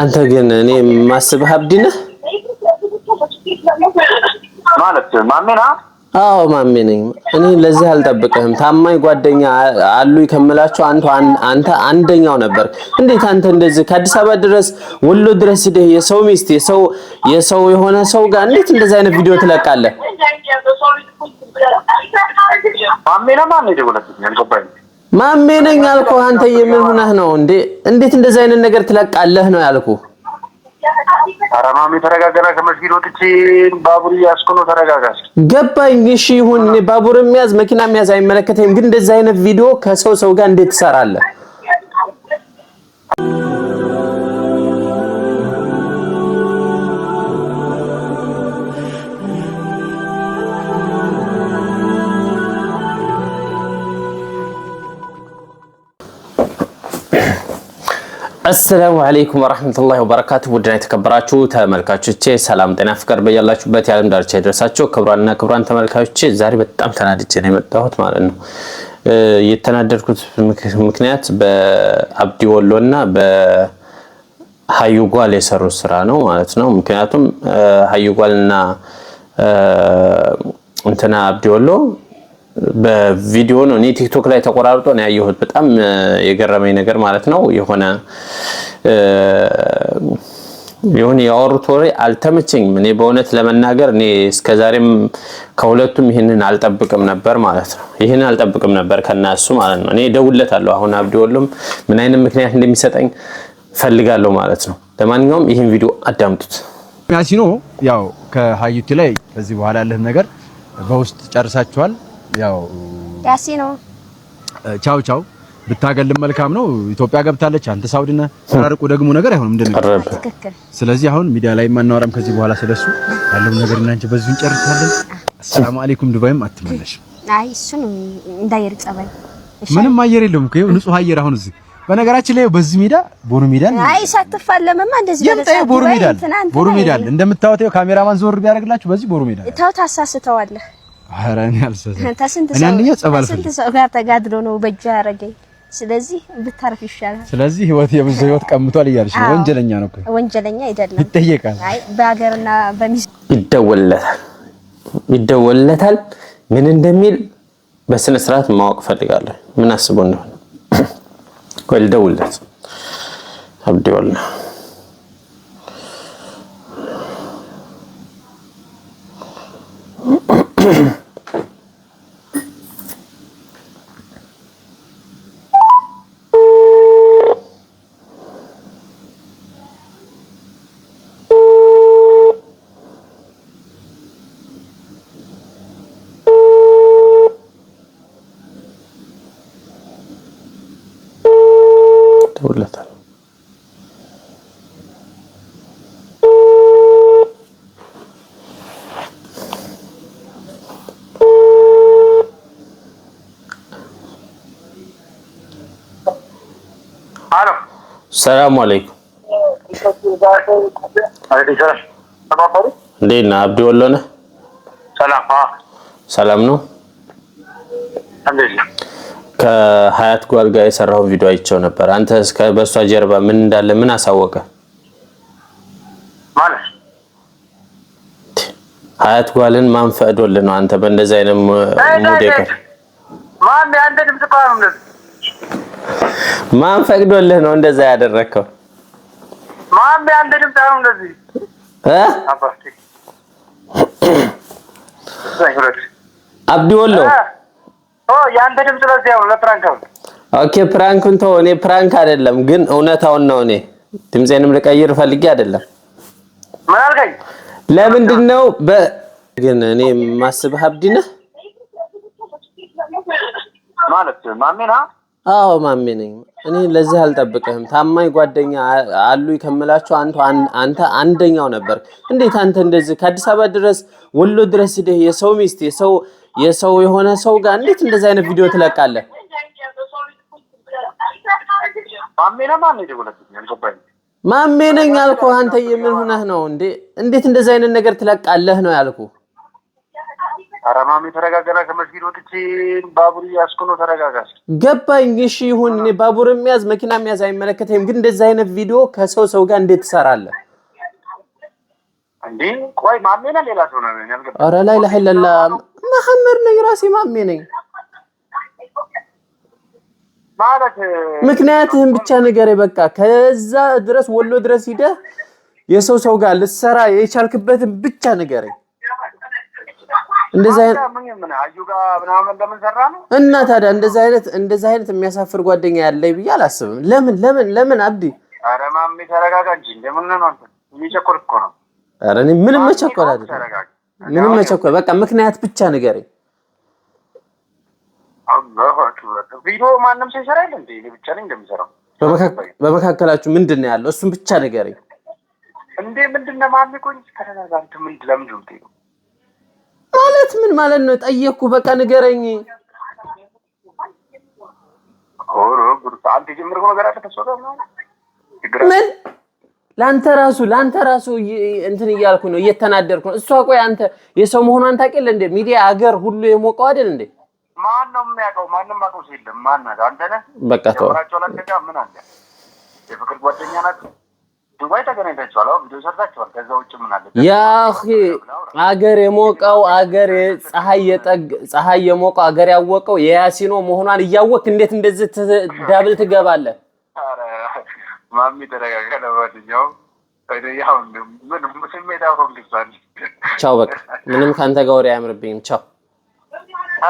አንተ ግን እኔ ማስብህ አብዲ ነህ ማለት ማሜ ነህ? አዎ ማሜ ነኝ። እኔ ለዚህ አልጠብቅህም። ታማኝ ጓደኛ አሉኝ ከምላቸው አንተ አንደኛው ነበር። እንዴት አንተ እንደዚህ ከአዲስ አበባ ድረስ ወሎ ድረስ ሂደህ የሰው ሚስት የሰው የሰው የሆነ ሰው ጋር እንዴት እንደዚህ አይነት ቪዲዮ ትለቃለህ? ማሜ ነህ? ማን ነው ማሜ ነኝ አልኩህ። አንተ የምን ሆነህ ነው እንዴ? እንዴት እንደዚህ አይነት ነገር ትለቃለህ ነው ያልኩ። ኧረ ማሜ ተረጋጋ። ከመስጊድ ወጥቼ ባቡር እያዝኩ ነው። ተረጋጋ። ገባኝ። እሺ ይሁን፣ ባቡር የሚያዝ መኪና የሚያዝ አይመለከተኝም። ግን እንደዚህ አይነት ቪዲዮ ከሰው ሰው ጋር እንዴት ትሰራለህ? አሰላሙ አለይኩም ወራህመቱላሂ ወበረካቱሁ ውድና የተከበራችሁ ተመልካቾቼ ሰላም ጤና ፍቅር በያላችሁበት የዓለም ዳርቻ የደረሳችሁ ክቡራንና ክቡራን ተመልካቾቼ ዛሬ በጣም ተናድጄ ነው የመጣሁት ማለት ነው። የተናደድኩት ምክንያት በአብዲ ወሎና በሀዩጓል የሰሩት ስራ ነው ማለት ነው። ምክንያቱም ሀዩጓልና እንትና አብዲ ወሎ በቪዲዮ ነው። እኔ ቲክቶክ ላይ ተቆራርጦ ነው ያየሁት። በጣም የገረመኝ ነገር ማለት ነው የሆነ የሆነ ያወሩት ወሬ አልተመቸኝም። እኔ በእውነት ለመናገር እኔ እስከዛሬም ከሁለቱም ይህንን አልጠብቅም ነበር ማለት ነው። ይህንን አልጠብቅም ነበር ከእናሱ ማለት ነው። እኔ እደውልለታለሁ አሁን አብዲ ወሎም ምን አይነት ምክንያት እንደሚሰጠኝ ፈልጋለሁ ማለት ነው። ለማንኛውም ይህን ቪዲዮ አዳምጡት። ያሲኖ ያው ከሀዩቲ ላይ በዚህ በኋላ ያለህን ነገር በውስጥ ጨርሳችኋል ያው ያሴ ነው። ቻው ቻው ብታገልም መልካም ነው። ኢትዮጵያ ገብታለች። አንተ ሳውዲ ነህ። ተራርቁ ደግሞ ነገር አይሆንም እንደነበር። ስለዚህ አሁን ሚዲያ ላይ ማናወራም ከዚህ በኋላ ስለሱ ያለው ነገር እና አንቺ በዚሁ እንጨርሳለን። አሰላሙ አለይኩም። ዱባይም አትመለሽ። አይ እሱን እንዳየር ጸባይ ምንም አየር የለውም እኮ ንጹህ አየር። አሁን እዚህ በነገራችን ላይ በዚህ ሜዳ ቦሩ ሜዳ አይ ሳትፋለምማ እንደዚህ በለሳ ቦሩ ሜዳ ቦሩ ሜዳ እንደምታወጣው ካሜራማን ዞር ቢያደርግላችሁ በዚህ ቦሩ ሜዳ ታውታ አሳስተዋለህ አራን ሰው ጋር ተጋድሎ ነው በእጅ ያደረገኝ። ስለዚህ ብታርፍ ይሻላል። ስለዚህ ህይወት የብዙ ህይወት ቀምቷል እያልሽ ወንጀለኛ ነው ወንጀለኛ አይደለም፣ ይጠየቃል። አይ በሀገርና በሚስ ይደወለታል፣ ይደወለታል። ምን እንደሚል በስነ ስርዓት ማወቅ ፈልጋለሁ። ምን አስቦ እንደሆነ ወይ ልደውልለት Mm-hmm. ተውለታል። ሰላሙ አለይኩም። እንዴት ነህ አብዲ? ወሎ ነህ? ሰላም ነው። ከሀያት ጓል ጋር የሰራው ቪዲዮ አይቼው ነበር። አንተ እስከ በእሷ ጀርባ ምን እንዳለ ምን አሳወቀ? ሀያት ጓልን ማን ፈቅዶልህ ነው? አንተ በእንደዚህ አይነት ሙዴ ማን ፈቅዶልህ ነው እንደዛ ያደረከው? አብዲ ወሎ የአንተ ድምፅ ለዚያ ነው ለፕራንክ ኦኬ ፕራንክን ተወው። እኔ ፕራንክ አይደለም ግን እውነታውን ነው። እኔ ድምፄንም ልቀይር ፈልጌ አይደለም። ምን አልከኝ? ለምንድን ነው ግን እኔ የማስብህ አብዲ ነህ ማለት ማሜ ነህ? አዎ ማሜ ነኝ። እኔ ለዚህ አልጠብቅህም። ታማኝ ጓደኛ አሉ ከምላቸው አንተ አንደኛው ነበር። እንዴት አንተ እንደዚህ ከአዲስ አበባ ድረስ ወሎ ድረስ ሂደህ የሰው ሚስት የሰው የሰው የሆነ ሰው ጋር እንዴት እንደዚህ አይነት ቪዲዮ ትለቃለህ? ማሜ ነኝ አልኩህ። አንተ የምን ሆነህ ነው እንዴ? እንዴት እንደዚህ አይነት ነገር ትለቃለህ ነው ያልኩ። ኧረ ማሜ ተረጋጋና፣ ከመስጊድ ወጥቼ ባቡር እያዝኩ ነው። ተረጋጋ። ገባኝ። እሺ ይሁን፣ ባቡር የሚያዝ መኪና የሚያዝ አይመለከተኝም። ግን እንደዚህ አይነት ቪዲዮ ከሰው ሰው ጋር እንዴት ትሰራለህ? ቆይ፣ ማሜ ነህ? ሌላ ሰው ነህ? ኧረ ላይ ለህለላ መሐመድ ነኝ፣ ራሴ ማሜ ነኝ። ምክንያትህን ብቻ ንገረኝ በቃ። ከዛ ድረስ ወሎ ድረስ ሂደህ የሰው ሰው ጋር ልትሰራ የቻልክበትን ብቻ ንገረኝ። እንደዚህ አይነት እና ታዲያ እንደዚህ አይነት እንደዚህ አይነት የሚያሳፍር ጓደኛ ያለኝ ብዬ አላስብም። ለምን ለምን ለምን አብዲ ኧረ ማሜ ተረጋጋ እንጂ እንደምን ነው አንተ እየጨኮርክ እኮ ነው ኧረ እኔ ምንም መቸኮል አይደለም፣ ምንም መቸኮል በቃ ምክንያት ብቻ ንገረኝ። ቪዲዮ ማንም ሰው ይሰራል እንዴ? እኔ ብቻ ነኝ እንደምሰራው? በመካከላችሁ ምንድን ነው ያለው? እሱን ብቻ ንገረኝ። እንዴ ምንድን ነው ማሚቆኝ ተረጋጋንት። ምን ለምን ማለት ምን ማለት ነው? ጠየቅኩ። በቃ ንገረኝ። ምን ለአንተ ራሱ ለአንተ ራሱ እንትን እያልኩ ነው፣ እየተናደርኩ ነው። እሷ ቆይ አንተ የሰው መሆኗን ታውቂያለህ እንዴ? ሚዲያ አገር ሁሉ የሞቀው አይደል እንዴ? ማን ነው የሚያውቀው? ማንም ማቀው የለም። ማን ነው አንተ ነህ። በቃ ተው። ምን አለ የፍቅር ጓደኛ ናት። ዱባይ ተገናኝታችኋል፣ ቪዲዮ ሰርታችኋል። ከዛ ውጭ ምን አለ? ያ አገር የሞቀው አገር ፀሐይ የጠግ ፀሐይ የሞቀው አገር ያወቀው የያሲኖ መሆኗን እያወቅህ እንዴት እንደዚህ ዳብል ትገባለህ? ማሚ ተረጋጋ። ለማንኛውም ምንም ስሜታ ሆንግባል። ቻው በቃ ምንም ከአንተ ጋር ወሬ አያምርብኝም። ቻው።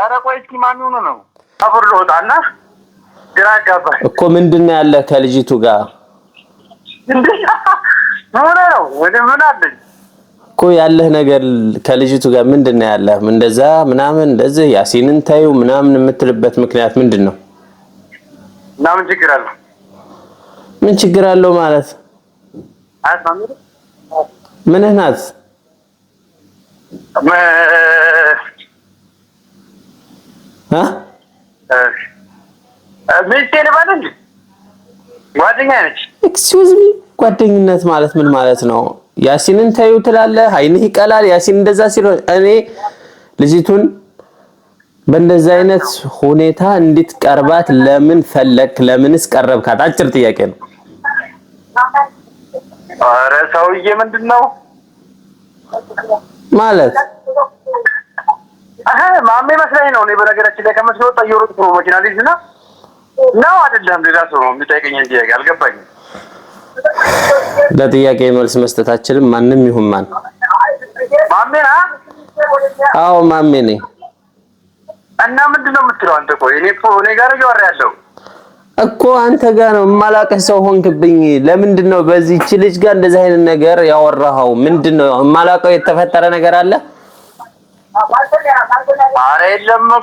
ኧረ ቆይ እስኪ ማሚ ሆኖ ነው አፈር ልወጣና ግራ አጋባኝ እኮ ምንድን ነው ያለህ ከልጅቱ ጋር ምን ነው ወደ ምን አለኝ እኮ ያለህ ነገር ከልጅቱ ጋር ምንድን ነው ያለህ? እንደዛ ምናምን እንደዚህ ያሲንን ታዩ ምናምን የምትልበት ምክንያት ምንድን ነው? ምናምን ችግር አለው ምን ችግር አለው ማለት ምንህ ናት? ኤክስኪውዝ ሚ ጓደኝነት ማለት ምን ማለት ነው? ያሲንን ተይው ትላለህ፣ አይንህ ይቀላል። ያሲን እንደዛ ሲል እኔ ልጅቱን በእንደዚህ አይነት ሁኔታ እንድትቀርባት ለምን ፈለክ? ለምንስ ቀረብካት? አጭር ጥያቄ ነው። ኧረ ሰውዬ ምንድን ነው ማለት? አህ ማሜ መስለኝ ነው። እኔ በነገራችን ላይ ከመስሎ ጠየሩት ነው መኪና ልጅ ነው ነው አይደለም። ሌላ ሰው ነው የሚጠይቀኝ። ጥያቄ አልገባኝም። ለጥያቄ መልስ መስጠታችንም ማንም ይሁን ማን ማሜ ና አዎ ማሜ ነኝ። እና ምንድን ነው የምትለው አንተ? ቆይ እኔ እኮ እኔ ጋር እያወራ ያለው እኮ አንተ ጋር ነው የማላቀህ ሰው ሆንክብኝ። ለምንድን ነው በዚህች ልጅ ጋር እንደዚህ አይነት ነገር ያወራኸው? ምንድን ነው የማላቀው? የተፈጠረ ነገር አለ? አረ የለም ነው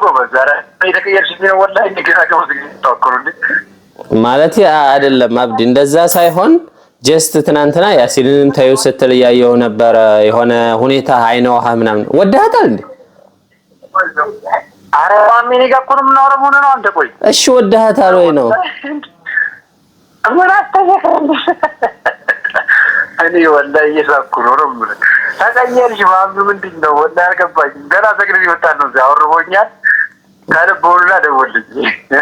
ማለት አይደለም አብዲ፣ እንደዛ ሳይሆን ጀስት ትናንትና ያሲልንም ታዩ ስትል እያየሁ ነበረ። የሆነ ሁኔታ አይነውሃ ምናምን ወደሃታል እንዴ? አረ ማሚኔ ጋር እኮ ነው የምናወራው። ምን ነው አንተ? ቆይ እሺ፣ ወደሃታል ወይ ነው ምን አስተያየት እኔ ወላሂ እየሳኩ ነው ነው የምልህ። ተቀየርሽ ማሚ፣ ምንድን ነው ወላሂ አልገባኝም። ገና ዘግሬ ይወጣ ነው እዚያ አውርቦኛል።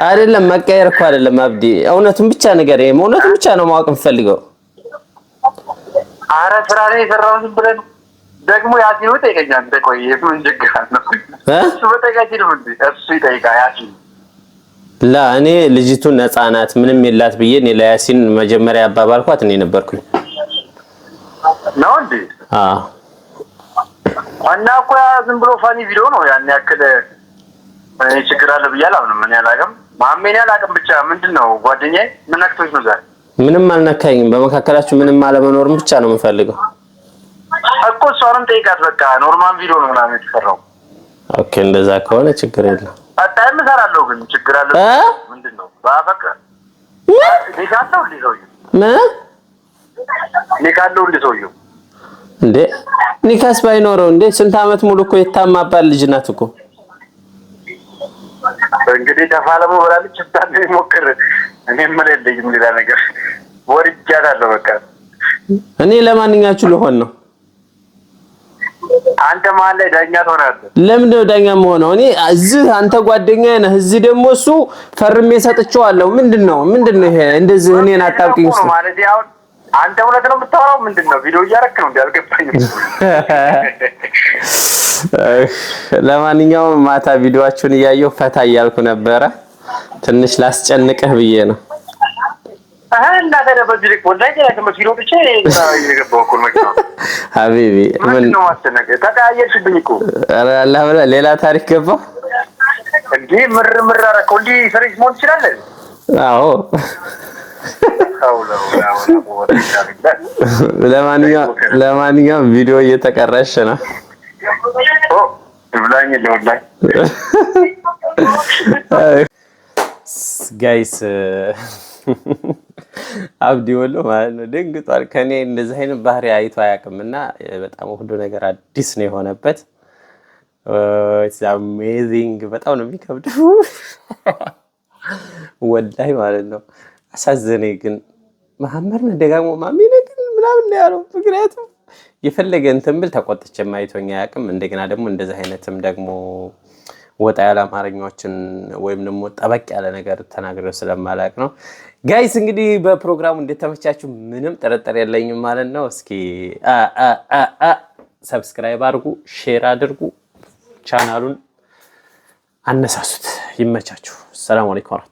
አይደለም መቀየር እኮ አይደለም አብዲ፣ እውነቱን ብቻ ነገር እውነቱን ብቻ ነው ማወቅ የምፈልገው። አረ ስራ ነው ብለን ደግሞ ያሲን ይጠይቀኛል። ቆይ ምን ችግር አለው? እሱ በጠይቃች ነው እንዴ? እሱ ይጠይቃል ያሲን ላ እኔ ልጅቱ ነፃ ናት ምንም የላት ብዬ እኔ ለያሲን መጀመሪያ አባባልኳት እኔ ነበርኩኝ። ነው እንዴ? አዎ። እና እኮ ያ ዝም ብሎ ፋኒ ቪዲዮ ነው። ያን ያክል እኔ ችግር አለ ብያል አላምንም። ምን አላውቅም፣ ማሜን አላውቅም። ብቻ ምንድን ነው ጓደኛዬ፣ ምን ነክቶች ነው ዛሬ? ምንም አልነካኝም። በመካከላችሁ ምንም አለመኖርም ብቻ ነው የምፈልገው። እኮ እሷንም ጠይቃት። በቃ ኖርማል ቪዲዮ ነው ምናምን የተሰራው። ኦኬ፣ እንደዛ ከሆነ ችግር የለም። ቀጣይም እሰራለሁ። ግን ችግር አለ ምንድን ነው? በአፈቀ ሊካለው እንዲ ሰውዬው ሊካለው እንዲ እንዴ ኒካስ ባይኖረው እንዴ ስንት አመት ሙሉ እኮ የታማባል ልጅ ናት እኮ። እንግዲህ ተፋለሙ ብላለች። እንታን ይሞክር እኔ ምን ልልኝ ሌላ ነገር ወርጃታለሁ። በቃ እኔ ለማንኛችሁ ልሆን ነው አንተ መሀል ላይ ዳኛ ትሆናለህ። ለምንድን ነው ዳኛ መሆነው? እኔ እዚህ አንተ ጓደኛዬ ነህ፣ እዚህ ደግሞ እሱ ፈርሜ ሰጥቼዋለሁ። ምንድን ነው ምንድን ነው ይሄ? እንደዚህ እኔን አጣብቂኝ ውስጥ ማለት አሁን አንተ እውነት ነው የምታወራው? ምንድን ነው ቪዲዮ እያደረክ ነው? አልገባኝም። ለማንኛውም ማታ ቪዲዮአችሁን እያየሁ ፈታ እያልኩ ነበረ። ትንሽ ላስጨንቅህ ብዬ ነው። አላህ ሌላ ታሪክ ገባ እንደ ምር ምር አረከው እንዲ ሰሪፍ መሆን ትችላለህ? አዎ። ለማንኛውም ቪዲዮ እየተቀረሽ ነው። ጋይስ አብዲ ወሎ ማለት ነው። ደንግጧል። ከኔ እንደዚህ አይነት ባህሪ አይቶ አያውቅም እና በጣም ሁሉ ነገር አዲስ ነው የሆነበት። አሜዚንግ በጣም ነው የሚከብደው ወላይ ማለት ነው። አሳዘነ ግን መሐመድ ደጋግሞ ማሚነ ግን ምናምን ያለው ምክንያቱም የፈለገ እንትን ብል ተቆጥቼ አይቶኝ አያውቅም። እንደገና ደግሞ እንደዚህ አይነትም ደግሞ ወጣ ያለ አማርኛዎችን ወይም ደግሞ ጠበቅ ያለ ነገር ተናግሬው ስለማላቅ ነው። ጋይስ እንግዲህ በፕሮግራሙ እንደተመቻችሁ ምንም ጥርጥር የለኝም ማለት ነው። እስኪ ሰብስክራይብ አድርጉ፣ ሼር አድርጉ፣ ቻናሉን አነሳሱት። ይመቻችሁ። ሰላም አለይኩም።